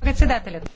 Председателят.